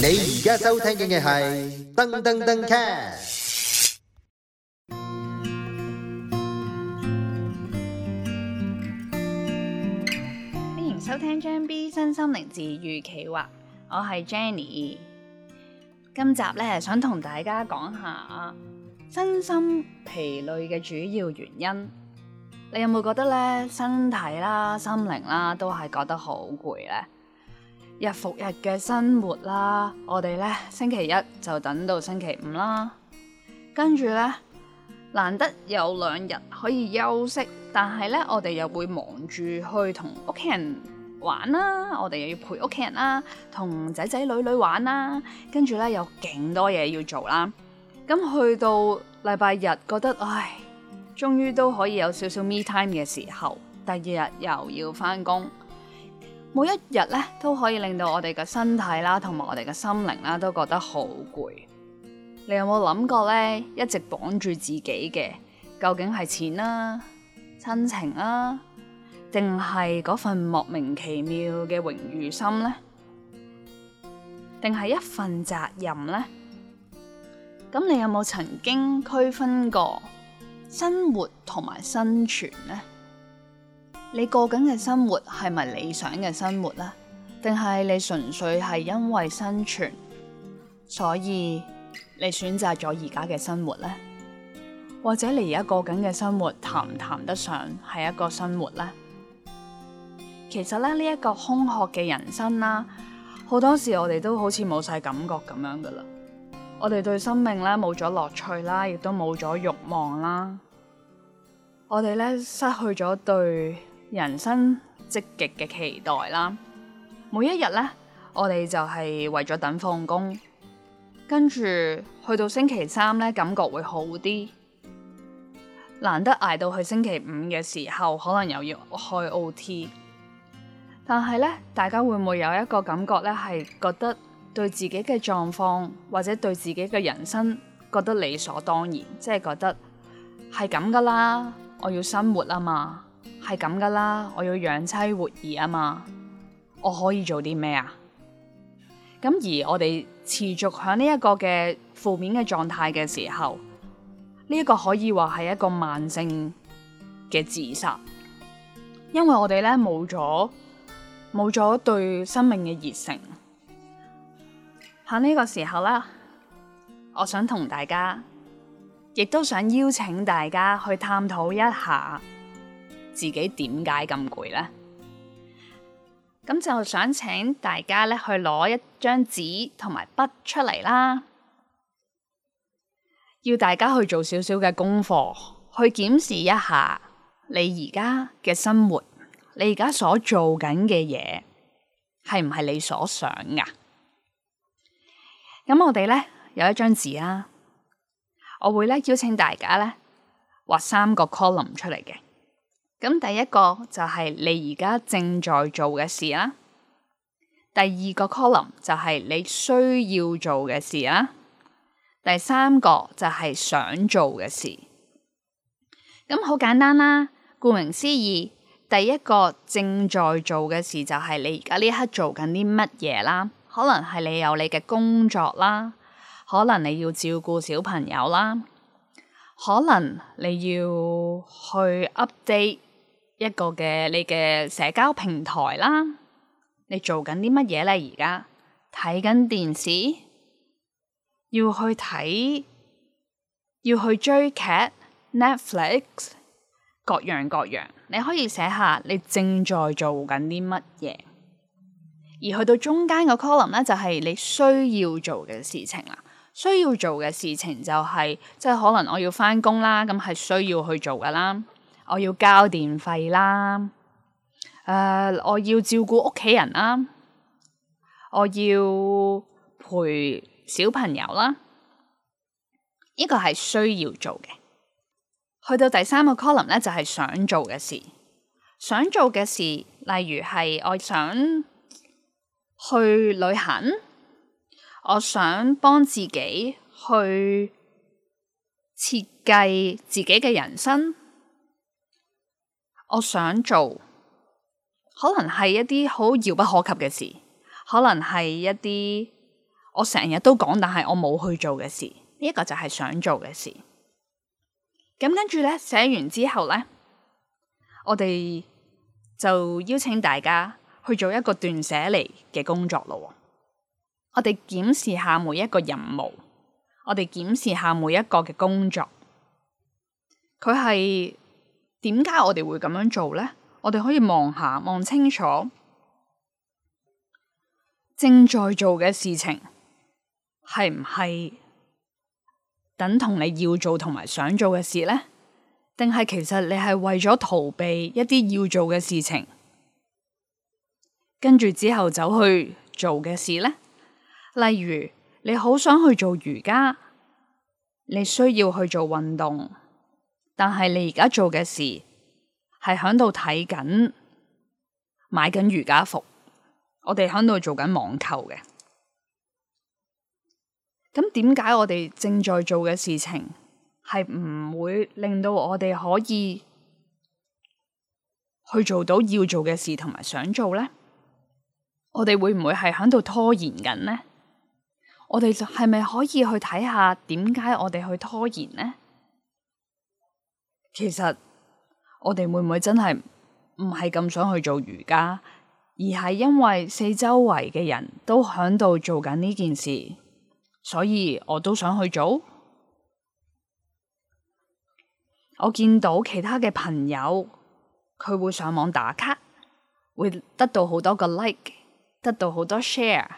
.你而家收聽緊嘅係噔噔噔卡，歡迎收聽張 B 新心靈治愈企劃，我係 Jenny。今集咧，想同大家講下身心疲累嘅主要原因。你有冇覺得咧，身體啦、心靈啦都係覺得好攰咧？日復日嘅生活啦，我哋咧星期一就等到星期五啦，跟住咧難得有兩日可以休息，但係咧我哋又會忙住去同屋企人玩啦，我哋又要陪屋企人啦，同仔仔女女玩啦，跟住咧有勁多嘢要做啦，咁去到禮拜日覺得唉，終於都可以有少少 me time 嘅時候，第二日又要翻工。每一日咧都可以令到我哋嘅身體啦、啊，同埋我哋嘅心靈啦、啊，都覺得好攰。你有冇諗過咧？一直綁住自己嘅，究竟係錢啊、親情啊，定係嗰份莫名其妙嘅榮譽心呢？定係一份責任呢？咁你有冇曾經區分過生活同埋生存呢？你過緊嘅生活係咪理想嘅生活呢？定係你純粹係因為生存，所以你選擇咗而家嘅生活呢？或者你而家過緊嘅生活談唔談得上係一個生活呢？其實咧呢一個空殼嘅人生啦，好多時我哋都好似冇晒感覺咁樣噶啦。我哋對生命咧冇咗樂趣啦，亦都冇咗欲望啦。我哋咧失去咗對。人生積極嘅期待啦，每一日呢，我哋就係為咗等放工，跟住去到星期三呢，感覺會好啲。難得捱到去星期五嘅時候，可能又要開 OT。但係呢，大家會唔會有一個感覺呢？係覺得對自己嘅狀況或者對自己嘅人生覺得理所當然，即係覺得係咁噶啦，我要生活啊嘛。係咁噶啦，我要養妻活兒啊嘛，我可以做啲咩啊？咁而我哋持續響呢一個嘅負面嘅狀態嘅時候，呢一個可以話係一個慢性嘅自殺，因為我哋咧冇咗冇咗對生命嘅熱誠。喺呢個時候啦，我想同大家，亦都想邀請大家去探討一下。自己點解咁攰呢？咁就想請大家咧去攞一張紙同埋筆出嚟啦，要大家去做少少嘅功課，去檢視一下你而家嘅生活，你而家所做緊嘅嘢係唔係你所想噶？咁我哋呢有一張紙啊，我會咧邀請大家呢畫三個 column 出嚟嘅。咁第一個就係你而家正在做嘅事啦，第二個 column 就係你需要做嘅事啦。第三個就係想做嘅事。咁好簡單啦，顧名思義，第一個正在做嘅事就係你而家呢一刻做緊啲乜嘢啦，可能係你有你嘅工作啦，可能你要照顧小朋友啦，可能你要去 update。一個嘅你嘅社交平台啦，你做緊啲乜嘢呢？而家睇緊電視，要去睇，要去追劇，Netflix，各樣各樣。你可以寫下你正在做緊啲乜嘢。而去到中間個 column 呢，就係你需要做嘅事情啦。需要做嘅事情就係，即係可能我要翻工啦，咁係需要去做噶啦。我要交電費啦，誒、呃，我要照顧屋企人啦，我要陪小朋友啦，呢個係需要做嘅。去到第三個 column 咧，就係想做嘅事，想做嘅事，例如係我想去旅行，我想幫自己去設計自己嘅人生。我想做，可能係一啲好遙不可及嘅事，可能係一啲我成日都講但係我冇去做嘅事，呢、這、一個就係想做嘅事。咁跟住咧寫完之後咧，我哋就邀請大家去做一個斷捨離嘅工作咯。我哋檢視下每一個任務，我哋檢視下每一個嘅工作，佢係。點解我哋會咁樣做呢？我哋可以望下，望清楚正在做嘅事情係唔係等同你要做同埋想做嘅事呢？定係其實你係為咗逃避一啲要做嘅事情，跟住之後走去做嘅事呢？例如，你好想去做瑜伽，你需要去做運動。但係你而家做嘅事係喺度睇緊、買緊瑜伽服，我哋喺度做緊網購嘅。咁點解我哋正在做嘅事情係唔會令到我哋可以去做到要做嘅事同埋想做呢？我哋會唔會係喺度拖延緊呢？我哋係咪可以去睇下點解我哋去拖延呢？其實我哋會唔會真係唔係咁想去做瑜伽，而係因為四周圍嘅人都響度做緊呢件事，所以我都想去做。我見到其他嘅朋友，佢會上網打卡，會得到好多個 like，得到好多 share，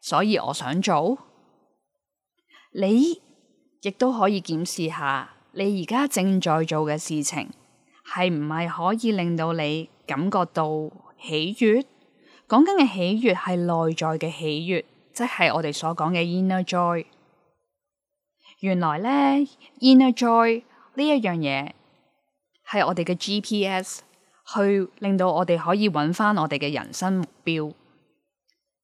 所以我想做。你亦都可以檢視下。你而家正在做嘅事情，係唔係可以令到你感覺到喜悅？講緊嘅喜悅係內在嘅喜悅，即係我哋所講嘅 inner joy。原來咧 inner joy 呢一樣嘢，係我哋嘅 GPS，去令到我哋可以搵翻我哋嘅人生目標，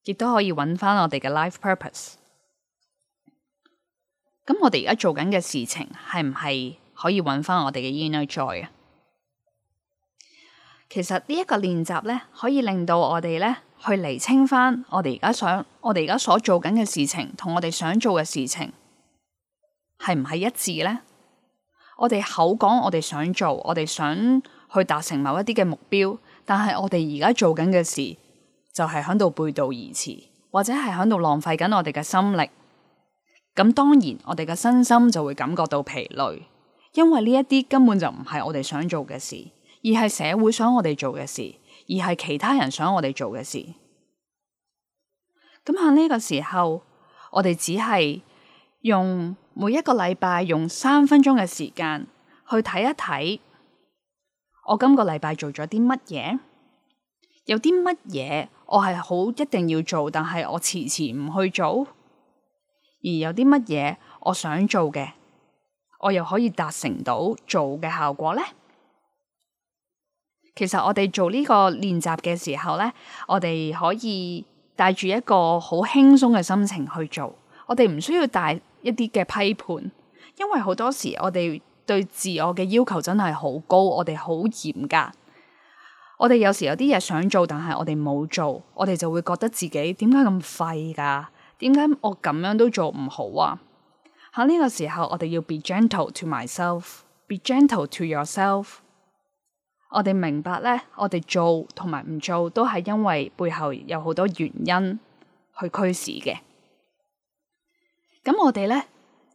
亦都可以搵翻我哋嘅 life purpose。咁我哋而家做緊嘅事情係唔係可以揾翻我哋嘅 inner joy 啊？其實呢一個練習呢，可以令到我哋呢去厘清翻我哋而家想、我哋而家所做緊嘅事情，同我哋想做嘅事情係唔係一致呢？我哋口講我哋想做，我哋想去達成某一啲嘅目標，但係我哋而家做緊嘅事就係響度背道而馳，或者係響度浪費緊我哋嘅心力。咁當然，我哋嘅身心就會感覺到疲累，因為呢一啲根本就唔係我哋想做嘅事，而係社會想我哋做嘅事，而係其他人想我哋做嘅事。咁喺呢個時候，我哋只係用每一個禮拜用三分鐘嘅時間去睇一睇，我今個禮拜做咗啲乜嘢，有啲乜嘢我係好一定要做，但係我遲遲唔去做。而有啲乜嘢我想做嘅，我又可以達成到做嘅效果呢？其實我哋做呢個練習嘅時候咧，我哋可以帶住一個好輕鬆嘅心情去做。我哋唔需要帶一啲嘅批判，因為好多時我哋對自我嘅要求真係好高，我哋好嚴格。我哋有時有啲嘢想做，但係我哋冇做，我哋就會覺得自己點解咁廢㗎？點解我咁樣都做唔好啊？喺呢個時候，我哋要 be gentle to myself，be gentle to yourself。我哋明白咧，我哋做同埋唔做，都係因為背後有好多原因去驅使嘅。咁我哋咧，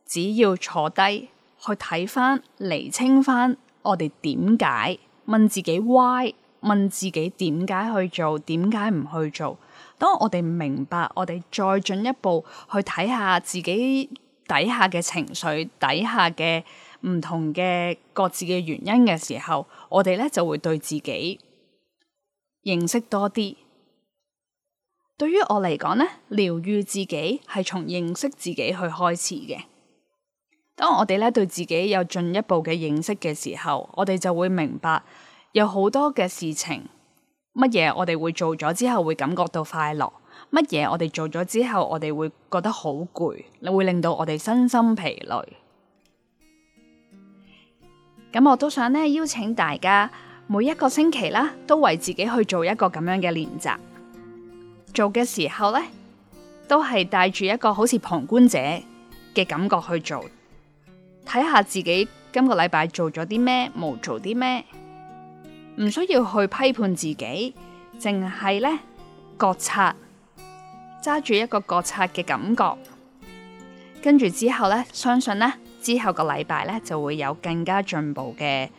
只要坐低去睇翻、釐清翻我哋點解問自己 why，問自己點解去做、點解唔去做。當我哋明白，我哋再進一步去睇下自己底下嘅情緒、底下嘅唔同嘅各自嘅原因嘅時候，我哋呢就會對自己認識多啲。對於我嚟講呢，療愈自己係從認識自己去開始嘅。當我哋呢對自己有進一步嘅認識嘅時候，我哋就會明白有好多嘅事情。乜嘢我哋會做咗之後會感覺到快樂？乜嘢我哋做咗之後我哋會覺得好攰，會令到我哋身心疲累。咁我都想咧邀請大家每一個星期啦，都為自己去做一個咁樣嘅練習。做嘅時候呢，都係帶住一個好似旁觀者嘅感覺去做，睇下自己今個禮拜做咗啲咩，冇做啲咩。唔需要去批判自己，淨係呢覺察，揸住一個覺察嘅感覺，跟住之後呢，相信呢之後個禮拜呢，就會有更加進步嘅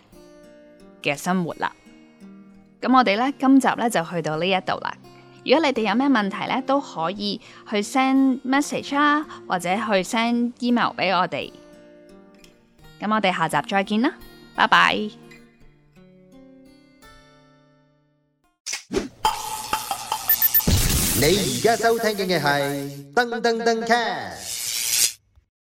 嘅生活啦。咁我哋呢，今集呢就去到呢一度啦。如果你哋有咩問題呢，都可以去 send message 啊，或者去 send email 俾我哋。咁我哋下集再見啦，拜拜。你而家收聽嘅係《噔噔噔 cat